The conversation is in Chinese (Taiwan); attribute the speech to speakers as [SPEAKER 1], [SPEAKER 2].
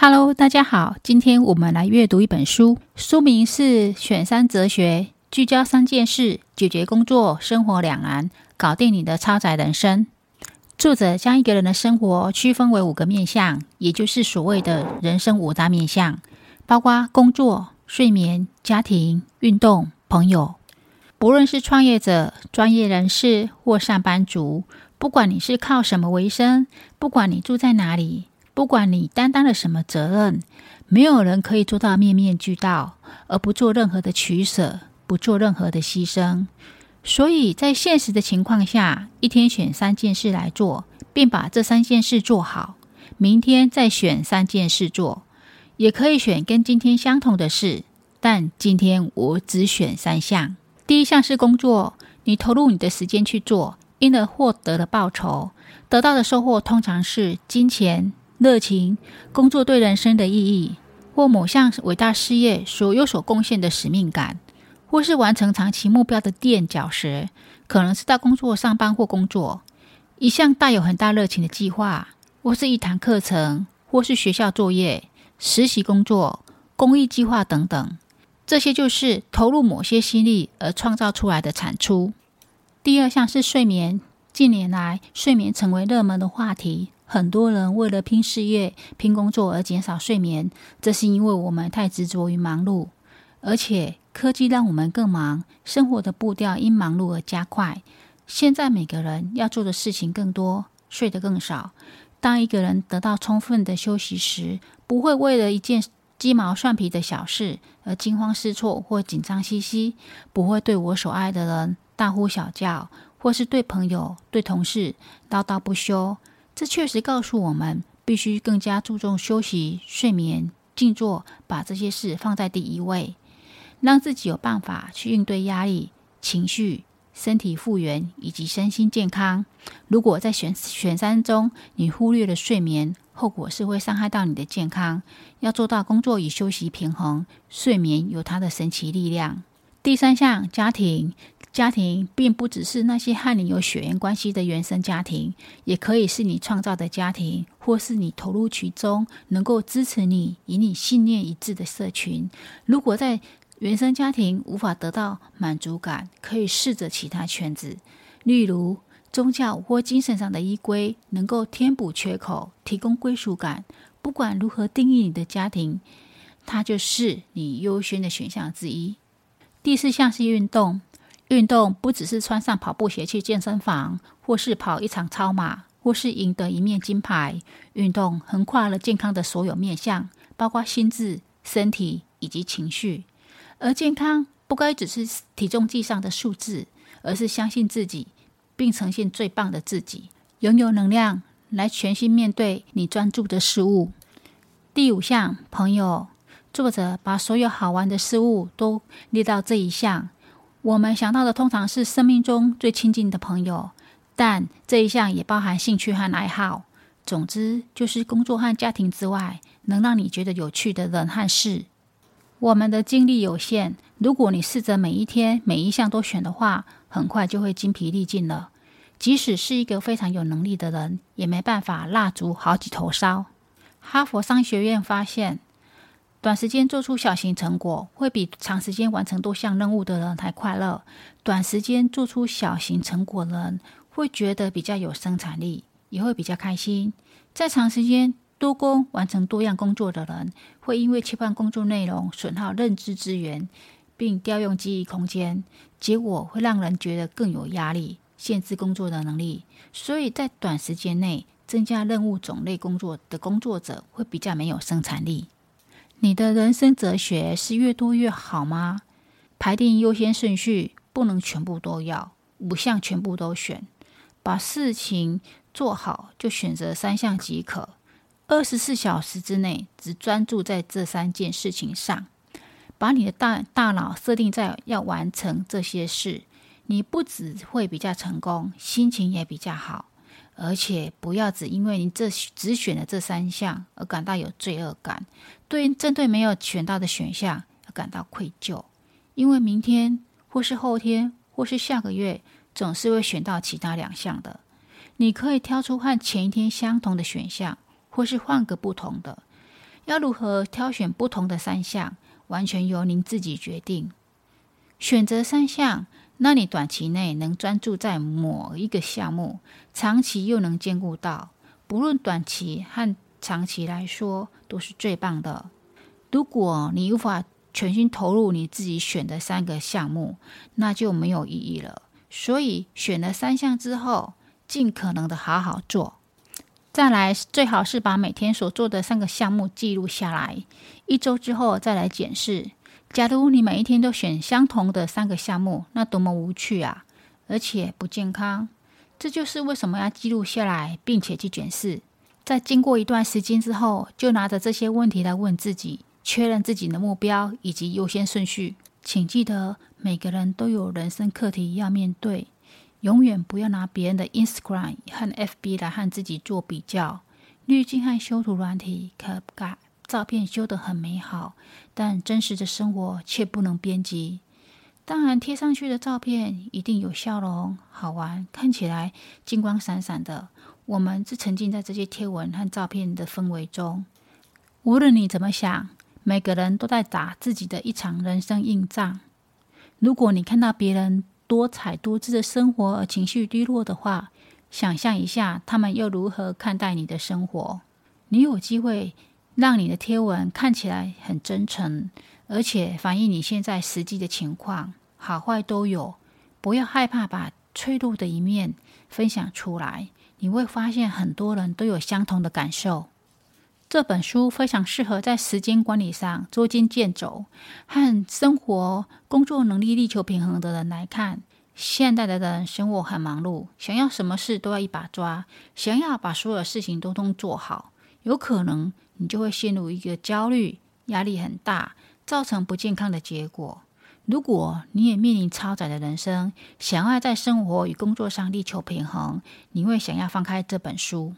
[SPEAKER 1] Hello，大家好，今天我們來閱讀一本書，書名是《選三哲學》，聚焦三件事，解決工作、生活兩難，搞定你的超載人生。作者將一個人的生活區分為五個面向，也就是所謂的人生五大面向，包括工作、睡眠、家庭、運動、朋友。不論是創業者、專業人士或上班族，不管你是靠什麼為生，不管你住在哪裡。不管你擔當了什麼責任，沒有人可以做到面面俱到，而不做任何的取捨，不做任何的犧牲。所以在現實的情況下，一天選三件事來做，並把這三件事做好。明天再選三件事做，也可以選跟今天相同的事，但今天我只選三項。第一項是工作，你投入你的時間去做，因而獲得了報酬，得到的收穫通常是金錢。熱情工作對人生的意義，或某項偉大事業所有所貢獻的使命感，或是完成長期目標的墊腳石，可能是在工作上班或工作一項帶有很大熱情的計劃，或是一堂課程，或是學校作業、實習工作、公益計劃等等。這些就是投入某些心力而創造出來的產出。第二項是睡眠，近年來睡眠成為熱門的話題。很多人為了拼事業、拼工作而減少睡眠，這是因為我們太執着於忙碌，而且科技讓我們更忙，生活的步調因忙碌而加快。現在每個人要做的事情更多，睡得更少。當一個人得到充分的休息時，不會為了一件雞毛蒜皮的小事而驚慌失措或緊張兮兮，不會對我所愛的人大呼小叫，或是對朋友、對同事叨叨不休。這確實告訴我們，必須更加注重休息、睡眠、靜坐，把這些事放在第一位，讓自己有辦法去應對壓力、情緒、身體復原以及身心健康。如果在選選三中，你忽略了睡眠，後果是會傷害到你的健康。要做到工作與休息平衡，睡眠有它的神奇力量。第三項，家庭。家庭並不只是那些和你有血緣關係的原生家庭，也可以是你創造的家庭，或是你投入其中能夠支持你、與你信念一致的社群。如果在原生家庭無法得到滿足感，可以試着其他圈子，例如宗教或精神上的依歸，能夠填補缺口，提供歸屬感。不管如何定義你的家庭，它就是你優先的選項之一。第四項是運動，運動不只是穿上跑步鞋去健身房，或是跑一場超馬，或是贏得一面金牌。運動橫跨了健康的所有面向，包括心智、身體以及情緒。而健康不該只是體重計上的數字，而是相信自己，並呈現最棒的自己，擁有能量來全心面對你專注的事物。第五項，朋友。作者把所有好玩的事物都列到這一項。我們想到的通常是生命中最親近的朋友，但這一項也包含興趣和愛好。總之，就是工作和家庭之外，能讓你覺得有趣的人和事。我們的精力有限，如果你試着每一天每一項都選的話，很快就會精疲力盡了。即使是一個非常有能力的人，也沒辦法蠟燭好幾頭燒。哈佛商學院發現，短時間做出小型成果，會比長時間完成多項任務的人還快樂。短時間做出小型成果的人會覺得比較有生產力，也會比較開心。在長時間多工完成多樣工作的人，會因為切換工作內容損耗認知資源，並調用記憶空間，結果會讓人覺得更有壓力，限制工作的能力。所以，在短時間內增加任務種類工作的工作者，會比較沒有生產力。你的人生哲學是越多越好嗎？排定優先順序，不能全部都要，五項全部都選，把事情做好就選擇三項即可。二十四小時之內只專注在這三件事情上，把你的大大腦設定在要完成這些事，你不只會比較成功，心情也比較好。而且不要只因為你這只選了這三項而感到有罪惡感，對針對沒有選到的選項而感到愧疚，因為明天或是後天或是下個月總是會選到其他兩項的。你可以挑出和前一天相同的選項，或是換個不同的。要如何挑選不同的三項，完全由您自己決定。選擇三項，那你短期內能專注在某一個項目，長期又能兼顧到，不論短期和長期來說都是最棒的。如果你無法全心投入你自己選的三個項目，那就沒有意義了。所以選了三項之後，盡可能的好好做，再來最好是把每天所做的三個項目記錄下來，一周之後再來檢視。假如你每一天都選相同的三個項目，那多麼無趣啊！而且不健康。這就是為什麼要記錄下來，並且去檢視。在經過一段時間之後，就拿着這些問題來問自己，確認自己的目標以及優先順序。請記得，每個人都有人生課題要面對。永遠不要拿別人的 Instagram 和 FB 來和自己做比較。濾鏡和修圖軟體可不改。照片修得很美好，但真實的生活卻不能編輯。當然，貼上去的照片一定有笑容、好玩，看起來金光閃閃的。我們是沉浸在這些貼文和照片的氛圍中。無論你怎麼想，每個人都在打自己的一場人生硬仗。如果你看到別人多彩多姿的生活而情緒低落的話，想象一下他們又如何看待你的生活。你有機會。讓你的貼文看起來很真誠，而且反映你現在實際的情況，好壞都有。不要害怕把脆弱的一面分享出來，你會發現很多人都有相同的感受。這本書非常適合在時間管理上捉襟見肘和生活工作能力力求平衡的人來看。現代的人生活很忙碌，想要什麼事都要一把抓，想要把所有事情通通做好，有可能。你就會陷入一個焦慮、壓力很大，造成不健康的結果。如果你也面臨超載的人生，想要在生活與工作上力求平衡，你會想要翻開這本書。